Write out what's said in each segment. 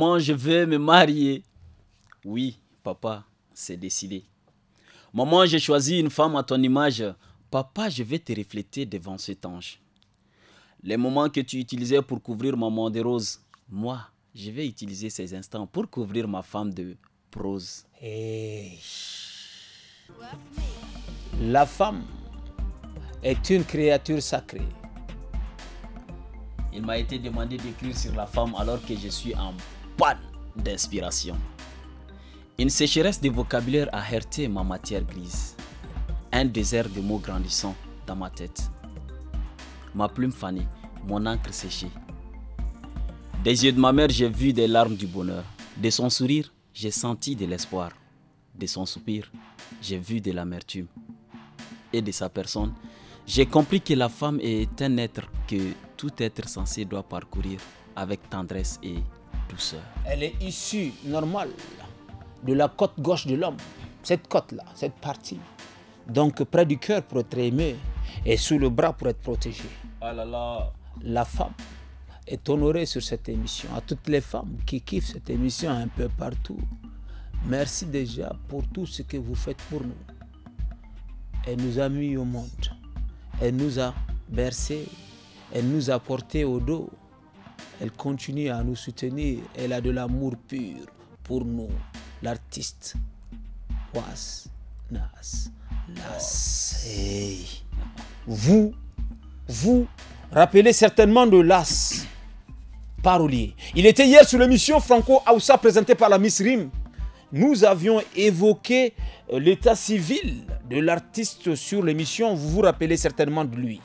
Maman, je veux me marier. Oui, papa, c'est décidé. Maman, j'ai choisi une femme à ton image. Papa, je vais te refléter devant cet ange. Les moments que tu utilisais pour couvrir maman de rose, moi, je vais utiliser ces instants pour couvrir ma femme de prose. La femme est une créature sacrée. Il m'a été demandé d'écrire sur la femme alors que je suis en panne d'inspiration. Une sécheresse de vocabulaire a heurté ma matière grise. Un désert de mots grandissant dans ma tête. Ma plume fanée, mon encre séchée. Des yeux de ma mère, j'ai vu des larmes du bonheur. De son sourire, j'ai senti de l'espoir. De son soupir, j'ai vu de l'amertume. Et de sa personne, j'ai compris que la femme est un être que tout être censé doit parcourir avec tendresse et elle est issue normale de la côte gauche de l'homme, cette côte-là, cette partie. Donc près du cœur pour être aimé et sous le bras pour être protégé. Ah la femme est honorée sur cette émission. À toutes les femmes qui kiffent cette émission un peu partout, merci déjà pour tout ce que vous faites pour nous. Elle nous a mis au monde. Elle nous a bercés. Elle nous a portés au dos. Elle continue à nous soutenir. Elle a de l'amour pur pour nous. L'artiste Was Nas Vous, vous rappelez certainement de Las Parolier. Il était hier sur l'émission Franco Aoussa présentée par la Miss Rim. Nous avions évoqué euh, l'état civil de l'artiste sur l'émission. Vous vous rappelez certainement de lui.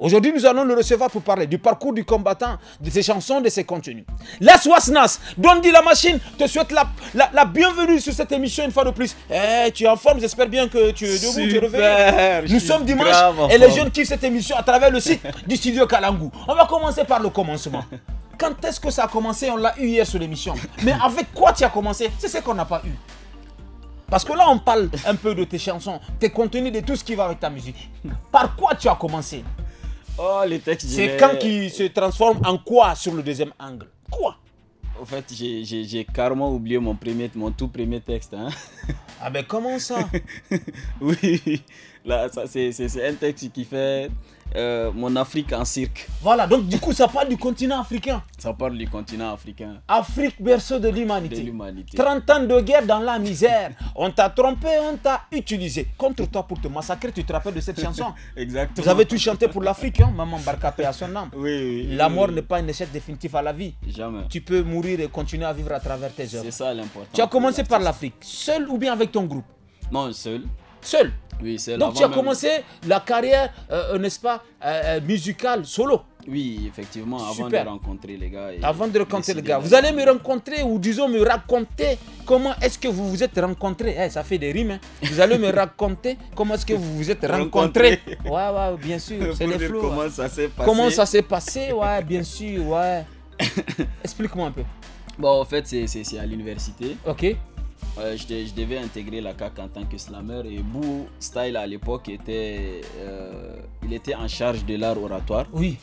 Aujourd'hui, nous allons le recevoir pour parler du parcours du combattant, de ses chansons, de ses contenus. Les Wasnas, Dondi la machine, te souhaite la, bienvenue sur cette émission une fois de plus. Eh, tu es en forme, j'espère bien que tu es debout, tu es Nous sommes dimanche et les jeunes kiffent cette émission à travers le site du studio Kalangu. On va commencer par le commencement. Quand est-ce que ça a commencé On l'a eu hier sur l'émission. Mais avec quoi tu as commencé C'est ce qu'on n'a pas eu. Parce que là, on parle un peu de tes chansons, tes contenus, de tout ce qui va avec ta musique. Par quoi tu as commencé Oh, les textes. C'est quand qui se transforme en quoi sur le deuxième angle Quoi en fait, j'ai carrément oublié mon, premier, mon tout premier texte. Hein. Ah ben comment ça Oui, là, c'est un texte qui fait euh, Mon Afrique en cirque. Voilà, donc du coup, ça parle du continent africain. Ça parle du continent africain. Afrique, berceau de l'humanité. 30 ans de guerre dans la misère. on t'a trompé, on t'a utilisé. Contre toi pour te massacrer, tu te rappelles de cette chanson Exactement. Vous avez tout chanté pour l'Afrique, hein? Maman Barcapé à son âme. Oui, oui. La mort n'est pas une échec définitif à la vie. Jamais. Tu peux mourir et continuer à vivre à travers tes œuvres. C'est ça l'important. Tu as commencé par l'Afrique, seul ou bien avec ton groupe Non, seul. Seul Oui, seul. Donc tu as commencé la carrière, euh, euh, n'est-ce pas, euh, musicale solo oui, effectivement, avant de rencontrer les gars. Avant de rencontrer les gars. Vous allez me rencontrer ou disons me raconter comment est-ce que vous vous êtes rencontrés. Eh, ça fait des rimes. Hein. Vous allez me raconter comment est-ce que vous vous êtes rencontrés. ouais, bien sûr. Comment, ça ça s'est passé Comment ça s'est passé Ouais, bien sûr, ouais. Explique-moi un peu. Bon, en fait, c'est à l'université. Ok. je, devais intégrer la CAC en tant que slammer et Bou Style à l'époque était, euh, il était en charge de l'art oratoire. Oui.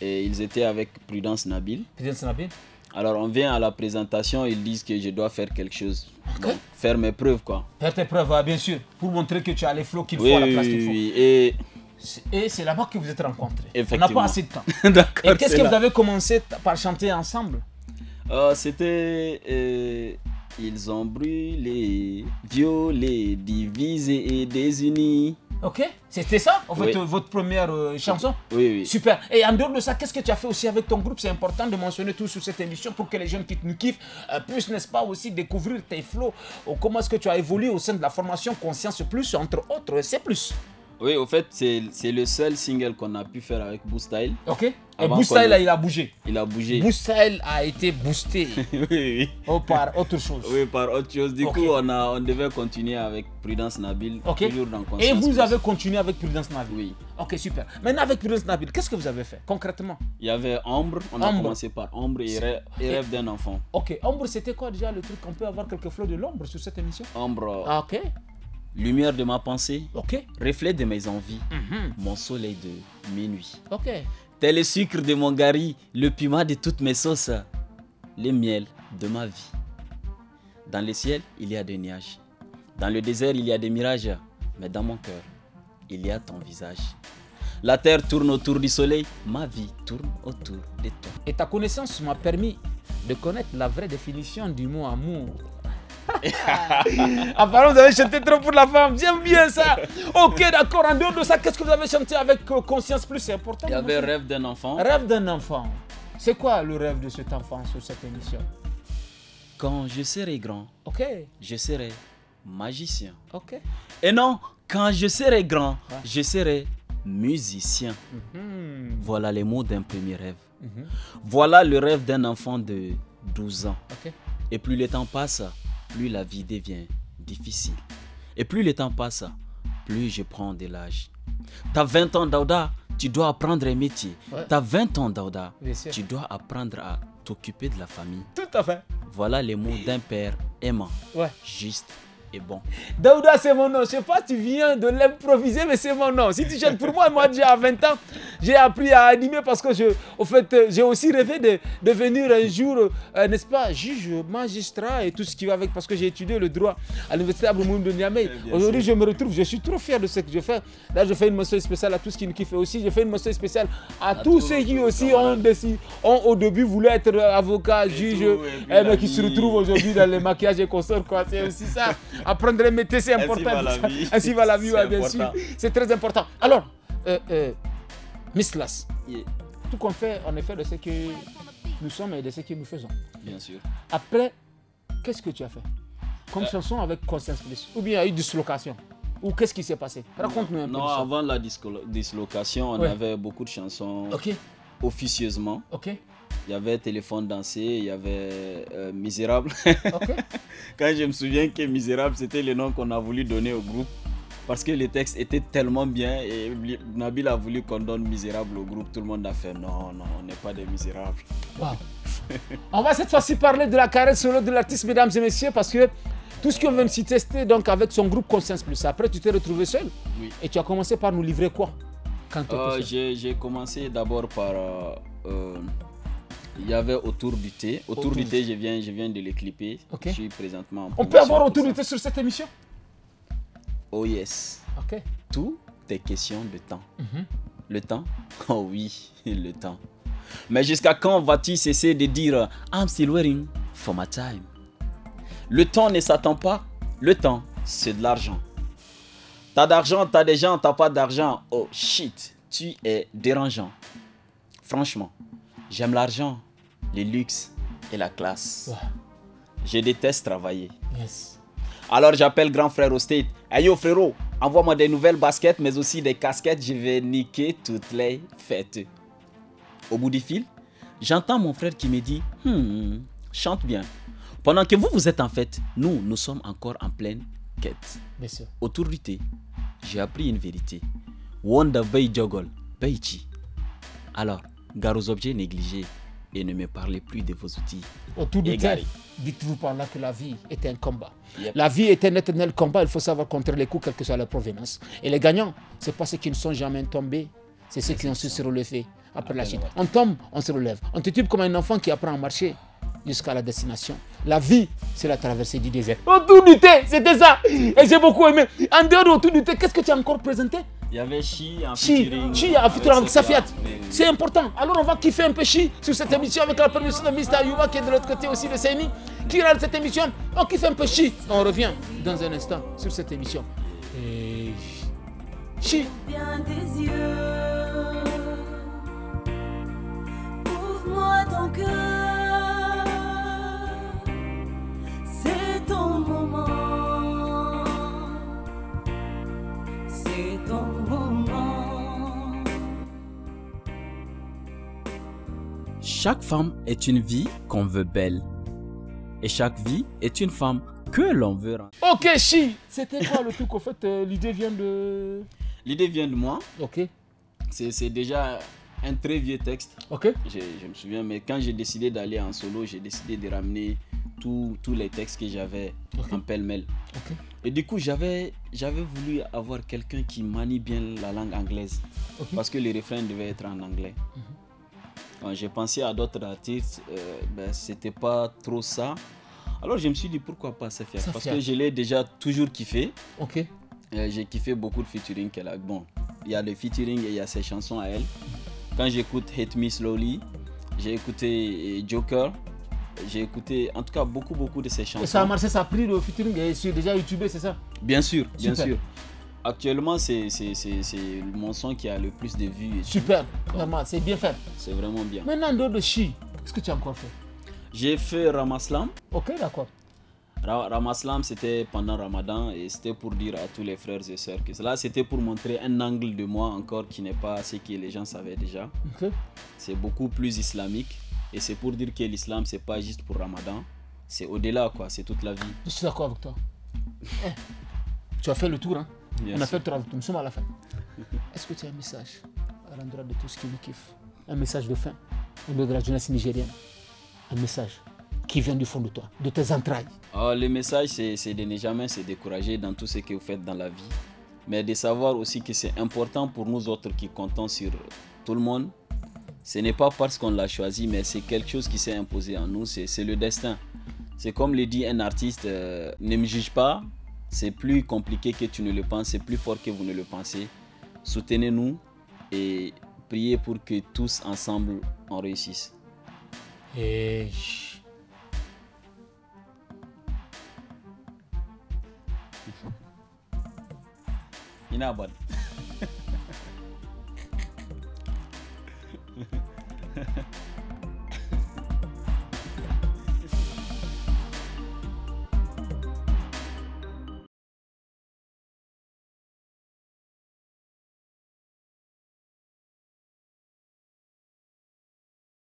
Et ils étaient avec Prudence Nabil. Prudence Nabil. Alors on vient à la présentation, ils disent que je dois faire quelque chose. faire mes preuves quoi. Faire tes preuves, bien sûr, pour montrer que tu as les flots qu'il faut, à la place qu'il faut. et et c'est là-bas que vous êtes rencontrés. On n'a pas assez de temps. Et qu'est-ce que vous avez commencé par chanter ensemble euh, C'était. Euh, ils ont brûlé, violé, divisé et désunis. Ok, c'était ça euh, votre première chanson Oui, oui. Super. Et en dehors de ça, qu'est-ce que tu as fait aussi avec ton groupe C'est important de mentionner tout sur cette émission pour que les jeunes qui nous kiffent puissent, n'est-ce pas, aussi découvrir tes flots. Ou comment est-ce que tu as évolué au sein de la formation Conscience Plus, entre autres, c'est plus. Oui, au fait, c'est le seul single qu'on a pu faire avec Boost Style. Ok. Et Boost Style, il a bougé. Il a bougé. Boost Style a été boosté. oui, oui. Oh, par autre chose. Oui, par autre chose. Du coup, on, a, on devait continuer avec Prudence Nabil. Ok. Toujours dans Conscience Et vous avez continué avec Prudence Nabil Oui. Ok, super. Maintenant, avec Prudence Nabil, qu'est-ce que vous avez fait concrètement Il y avait Ombre. On a commencé par Ombre et Rêve, d'un enfant. Ok. Ombre, c'était quoi déjà le truc On peut avoir quelques flots de l'ombre sur cette émission Ombre. Ah, ok lumière de ma pensée, reflet de mes envies, mhm. mon soleil de minuit. Okay. Tel le sucre de mon gari, le piment de toutes mes sauces, le miel de ma vie. Dans le ciel, il y a des nuages. Dans le désert, il y a des mirages. Mais dans mon cœur, il y a ton visage. La terre tourne autour du soleil, ma vie tourne autour de toi. Et ta connaissance m'a permis de connaître la vraie définition du mot amour. Apparemment, vous avez chanté trop pour la femme. J'aime bien ça. Ok, d'accord. En dehors de ça, qu'est-ce que vous avez chanté avec euh, conscience plus C'est important. Il y avait Rêve d'un enfant. Rêve d'un enfant. C'est quoi le rêve de cet enfant sur cette émission Quand je serai grand, ok, je serai magicien. Ok. Et non, quand je serai grand, je serai musicien. Mhm. Voilà les mots d'un premier rêve. Mhm. Voilà le rêve d'un enfant de 12 ans. Ok Et plus le temps passe, plus la vie devient difficile. Et plus le temps passe, plus je prends de l'âge. T'as 20 ans, Dauda, tu dois apprendre un métier. T'as 20 ans, Dauda, tu dois apprendre à t'occuper de la famille. Tout à fait. Voilà les mots d'un père aimant, ouais. juste bon. Daouda, c'est mon nom. Je sais pas, si tu viens de l'improviser, mais c'est mon nom. Si tu chantes pour moi, moi, déjà à 20 ans, j'ai appris à animer parce que, je, au fait, euh, j'ai aussi rêvé de devenir un jour, euh, n'est-ce pas, juge, magistrat et tout ce qui va avec parce que j'ai étudié le droit à l'Université Abou de Niamey. Eh aujourd'hui, je me retrouve, je suis trop fier de ce que je fais. Là, je fais une mention spéciale à tous ceux qui nous kiffent aussi. Je fais une mention spéciale à, tous ceux qui aussi ont, ont au début voulu être avocat, juge, mais qui se retrouvent aujourd'hui dans les maquillages et consorts. C'est aussi ça. Apprendre les métiers c'est important. Ainsi va la vie, bien sûr. C'est très important. Alors, euh, euh, Miss Lass, tout qu'on fait, en effet, de ce que nous sommes et de ce que nous faisons. Bien sûr. Après, qu'est-ce que tu as fait Comme euh. chanson avec Constance Plus Ou bien il y a eu dislocation ou qu'est-ce qui s'est passé Raconte-nous un peu. Non, avant la dislocation, on avait beaucoup de chansons officieusement. Ok. Il y avait Téléphone dansé, il y avait euh, Misérable. Quand je me souviens que Misérable, c'était le nom qu'on a voulu donner au groupe parce que les textes étaient tellement bien et Nabil a voulu qu'on donne Misérable au groupe. Tout le monde a fait non, non, on n'est pas des misérables. on va cette fois-ci parler de la carrière solo de l'artiste, mesdames et messieurs, parce que tout ce qu'on veut de citer, c'était donc avec son groupe Conscience Plus. Après, tu t'es retrouvé seul oui. et tu as commencé par nous livrer quoi quand euh, J'ai commencé d'abord par. Euh, euh, il y avait autour du thé. Autour, du thé, je viens, je viens de le clipper. Je suis présentement en On peut avoir autour du thé sur cette émission Oh yes. Ok. Tout est question de temps. Mhm. Le temps Oh oui, le temps. Mais jusqu'à quand vas-tu cesser de dire I'm still waiting for my time Le temps ne s'attend pas. Le temps, c'est de l'argent. T'as d'argent, t'as des gens, t'as pas d'argent. Oh shit, tu es dérangeant. Franchement, j'aime l'argent le luxe et la classe. Je déteste travailler. Alors j'appelle grand frère au state. Hey frérot, envoie-moi des nouvelles baskets, mais aussi des casquettes. Je vais niquer toutes les fêtes. Au bout du fil, j'entends mon frère qui me dit hmm, chante bien. Pendant que vous, vous êtes en fête, nous, nous sommes encore en pleine quête. Autour du thé, j'ai appris une vérité. Wanda Bay Jogol, Alors, gare aux objets négligés, et ne me parlez plus de vos outils. Autour du thé, dites-vous par là que la vie est un combat. La vie est un éternel combat, il faut savoir contrer les coups, quelle que soit la provenance. Et les gagnants, ce n'est pas ceux qui ne sont jamais tombés, c'est ceux qui ont su se relever après la chute. On tombe, on se relève. On te tue comme un enfant qui apprend à marcher jusqu'à la destination. La vie, c'est la traversée du désert. Autour du thé, c'était ça. Et j'ai beaucoup aimé. En dehors de autour du thé, qu'est-ce que tu as encore présenté il y avait Chi, un Chi, Chi a featuring avec Safiat. C'est important. Alors on va kiffer un peu Chi sur cette émission avec la permission de Mr. Ayuba, qui est de l'autre côté aussi de Saini. Qui regarde cette émission On kiffe un peu Chi. On revient dans un instant sur cette émission. Chi. Chaque femme est une vie qu'on veut belle. Et chaque vie est une femme que l'on veut. Ok, si C'était quoi le truc au fait euh, L'idée vient de. L'idée vient de moi. Ok. C'est déjà un très vieux texte. Ok. Je, me souviens, mais quand j'ai décidé d'aller en solo, j'ai décidé de ramener tous les textes que j'avais en pêle-mêle. Et du coup, j'avais, j'avais voulu avoir quelqu'un qui manie bien la langue anglaise. Parce que les refrains devaient être en anglais. Quand mhm. j'ai pensé à d'autres artistes, euh, ben, c'était pas trop ça. Alors je me suis dit pourquoi pas Safia, faire Parce que je l'ai déjà toujours kiffé. Ok. Euh, j'ai kiffé beaucoup de featuring qu'elle a. Bon, il y a le featuring et il y a ses chansons à elle. Quand j'écoute Hate Me Slowly, j'ai écouté euh, Joker. J'ai écouté en tout cas beaucoup beaucoup de ses chansons. Et ça a marché, ça a pris le featuring et déjà YouTube c'est ça Bien sûr, bien sûr. Actuellement, c'est mon son qui a le plus de vues. Super, vraiment, c'est bien fait. C'est vraiment bien. Maintenant, en dehors de Chi, qu'est-ce que tu as encore fait J'ai fait Ramaslam. Ok, d'accord. Ramaslam, c'était pendant Ramadan et c'était pour dire à tous les frères et sœurs que cela, c'était pour montrer un angle de moi encore qui n'est pas ce que les gens savaient déjà. C'est beaucoup plus islamique. Et c'est pour dire que l'islam, c'est pas juste pour Ramadan, c'est au-delà, quoi, c'est toute la vie. Je suis d'accord avec toi. Eh, tu as fait le tour, hein On a fait le tour avec toi, nous sommes à la fin. Est-ce que tu as un message à l'endroit de tous qui nous kiffent Un message de fin, au lieu de la jeunesse nigérienne Un message qui vient du fond de toi, de tes entrailles ah, Le message, c'est de ne jamais se décourager dans tout ce que vous faites dans la vie, mais de savoir aussi que c'est important pour nous autres qui comptons sur tout le monde ce n'est pas parce qu'on l'a choisi, mais c'est quelque chose qui s'est imposé en nous, c'est le destin. C'est comme le dit un artiste, euh, ne me juge pas, c'est plus compliqué que tu ne le penses, c'est plus fort que vous ne le pensez. Soutenez-nous et priez pour que tous ensemble on réussisse. Et...